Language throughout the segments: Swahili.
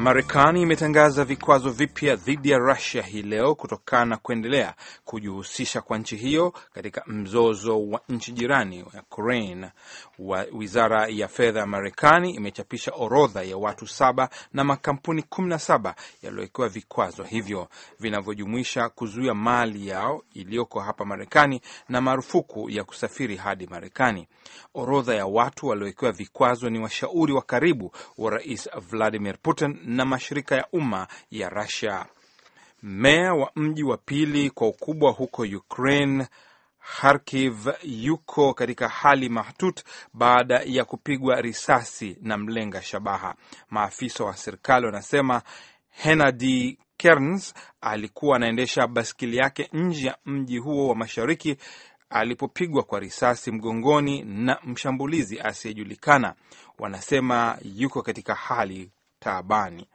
Marekani imetangaza vikwazo vipya dhidi ya Rusia hii leo kutokana na kuendelea kujihusisha kwa nchi hiyo katika mzozo wa nchi jirani ya Ukraine. Wizara ya fedha ya Marekani imechapisha orodha ya watu saba na makampuni kumi na saba yaliyowekewa vikwazo hivyo vinavyojumuisha kuzuia mali yao iliyoko hapa Marekani na marufuku ya kusafiri hadi Marekani. Orodha ya watu waliowekewa vikwazo ni washauri wa karibu wa Rais Vladimir Putin na mashirika ya umma ya Russia. Meya wa mji wa pili kwa ukubwa huko Ukraine Kharkiv yuko katika hali mahtut baada ya kupigwa risasi na mlenga shabaha. Maafisa wa serikali wanasema Henadi Kerns alikuwa anaendesha baskeli yake nje ya mji huo wa mashariki alipopigwa kwa risasi mgongoni na mshambulizi asiyejulikana. Wanasema yuko katika hali taabani.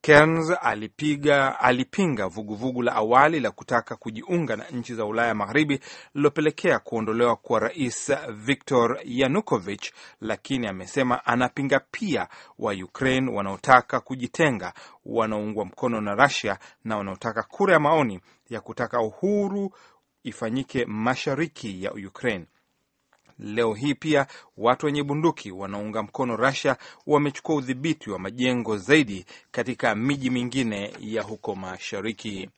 Kerns alipiga alipinga vuguvugu vugu la awali la kutaka kujiunga na nchi za Ulaya Magharibi lililopelekea kuondolewa kwa Rais Viktor yanukovich lakini amesema anapinga pia wa Ukraine wanaotaka kujitenga, wanaoungwa mkono na Russia na wanaotaka kura ya maoni ya kutaka uhuru ifanyike mashariki ya Ukraine. Leo hii pia watu wenye bunduki wanaunga mkono Russia wamechukua udhibiti wa majengo zaidi katika miji mingine ya huko mashariki.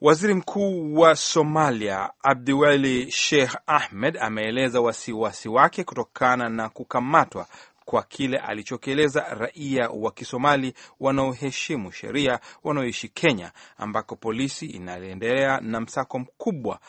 Waziri Mkuu wa Somalia Abdiweli Sheikh Ahmed ameeleza wasiwasi wake kutokana na kukamatwa kwa kile alichokieleza raia wa Kisomali wanaoheshimu sheria wanaoishi Kenya, ambako polisi inaendelea na msako mkubwa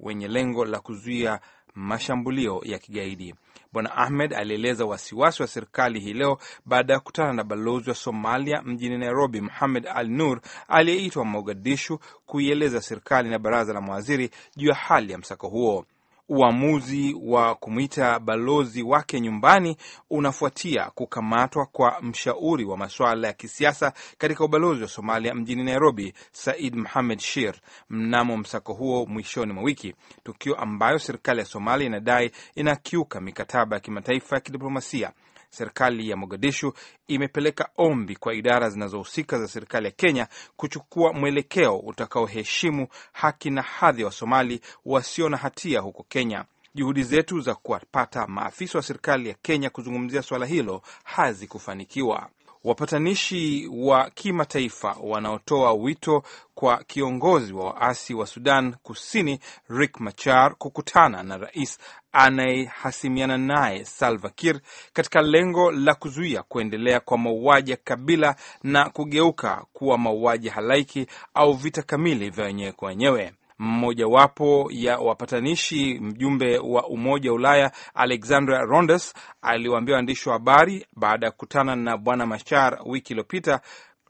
wenye lengo la kuzuia mashambulio ya kigaidi. Bwana Ahmed alieleza wasiwasi wa serikali hii leo baada ya kukutana na balozi wa Somalia mjini Nairobi, Muhamed Al Nur aliyeitwa Mogadishu kuieleza serikali na baraza la mawaziri juu ya hali ya msako huo. Uamuzi wa kumwita balozi wake nyumbani unafuatia kukamatwa kwa mshauri wa masuala ya kisiasa katika ubalozi wa Somalia mjini Nairobi, Said Mohamed Shir mnamo msako huo mwishoni mwa wiki, tukio ambayo serikali ya Somalia inadai inakiuka mikataba ya kimataifa ya kidiplomasia serikali ya Mogadishu imepeleka ombi kwa idara zinazohusika za serikali ya Kenya kuchukua mwelekeo utakaoheshimu haki na hadhi ya Wasomali wasio na hatia huko Kenya. Juhudi zetu za kuwapata maafisa wa serikali ya Kenya kuzungumzia swala hilo hazikufanikiwa. Wapatanishi wa kimataifa wanaotoa wito kwa kiongozi wa waasi wa Sudan Kusini rik Machar kukutana na rais anayehasimiana naye Salva katika lengo la kuzuia kuendelea kwa mauaji ya kabila na kugeuka kuwa mauaji halaiki au vita kamili vya wenyewe kwa wenyewe. Mmojawapo ya wapatanishi, mjumbe wa Umoja wa Ulaya Alexandra Rondes aliwaambia waandishi wa habari baada ya kukutana na Bwana Machar wiki iliyopita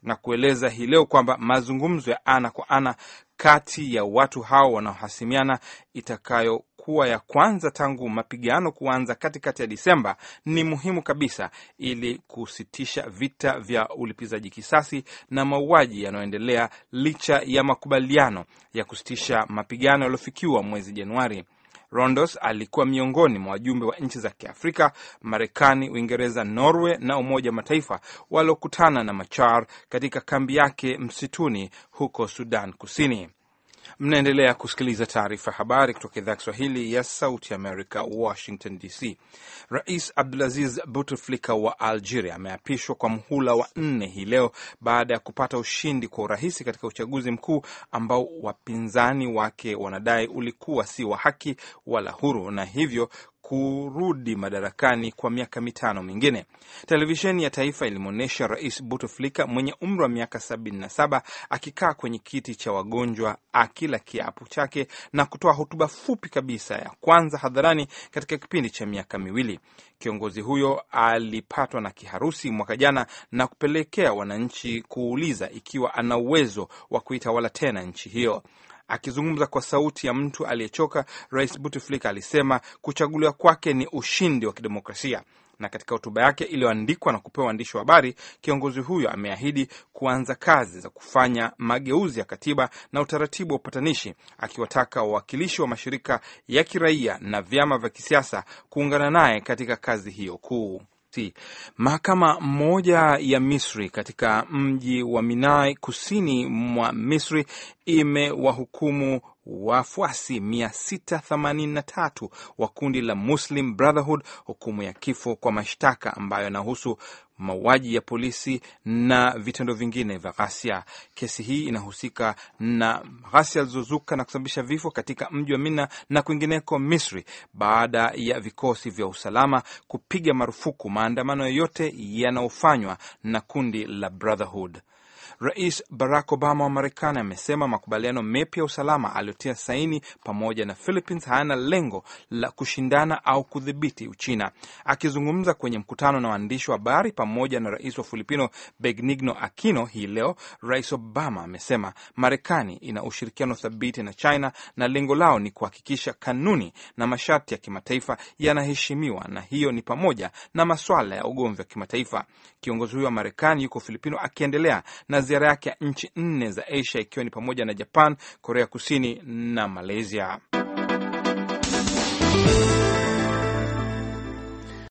na kueleza hii leo kwamba mazungumzo ya ana kwa ana kati ya watu hao wanaohasimiana itakayo kuwa ya kwanza tangu mapigano kuanza katikati ya Disemba ni muhimu kabisa ili kusitisha vita vya ulipizaji kisasi na mauaji yanayoendelea licha ya makubaliano ya kusitisha mapigano yaliyofikiwa mwezi Januari. Rondos alikuwa miongoni mwa wajumbe wa nchi za Kiafrika, Marekani, Uingereza, Norway na Umoja wa Mataifa waliokutana na Machar katika kambi yake msituni huko Sudan Kusini. Mnaendelea kusikiliza taarifa habari kutoka idhaa ya Kiswahili ya Sauti Amerika, Washington DC. Rais Abdulaziz buteflika wa Algeria ameapishwa kwa mhula wa nne hii leo baada ya kupata ushindi kwa urahisi katika uchaguzi mkuu ambao wapinzani wake wanadai ulikuwa si wa haki wala huru, na hivyo kurudi madarakani kwa miaka mitano mingine. Televisheni ya taifa ilimwonyesha Rais buteflika mwenye umri wa miaka sabini na saba akikaa kwenye kiti cha wagonjwa akila kiapo chake na kutoa hotuba fupi kabisa ya kwanza hadharani katika kipindi cha miaka miwili. Kiongozi huyo alipatwa na kiharusi mwaka jana na kupelekea wananchi kuuliza ikiwa ana uwezo wa kuitawala tena nchi hiyo. Akizungumza kwa sauti ya mtu aliyechoka, Rais Bouteflika alisema kuchaguliwa kwake ni ushindi wa kidemokrasia. Na katika hotuba yake iliyoandikwa na kupewa waandishi wa habari, kiongozi huyo ameahidi kuanza kazi za kufanya mageuzi ya katiba na utaratibu wa upatanishi, akiwataka wawakilishi wa mashirika ya kiraia na vyama vya kisiasa kuungana naye katika kazi hiyo kuu. Mahakama moja ya Misri katika mji wa Minai kusini mwa Misri imewahukumu wafuasi 683 wa kundi la Muslim Brotherhood hukumu ya kifo kwa mashtaka ambayo yanahusu mauaji ya polisi na vitendo vingine vya ghasia. Kesi hii inahusika na ghasia zilizozuka na kusababisha vifo katika mji wa Mina na kwingineko Misri baada ya vikosi vya usalama kupiga marufuku maandamano yoyote yanayofanywa na kundi la Brotherhood. Rais Barack Obama wa Marekani amesema makubaliano mepya ya usalama aliyotia saini pamoja na Philippines hayana lengo la kushindana au kudhibiti Uchina. Akizungumza kwenye mkutano na waandishi wa habari pamoja na rais wa Filipino Benigno Aquino hii leo, Rais Obama amesema Marekani ina ushirikiano thabiti na China na lengo lao ni kuhakikisha kanuni na masharti ya kimataifa yanaheshimiwa, na hiyo ni pamoja na maswala ya ugomvi wa kimataifa. Kiongozi huyo wa Marekani yuko Filipino akiendelea na ziara yake ya nchi nne za Asia ikiwa ni pamoja na Japan, Korea Kusini na Malaysia.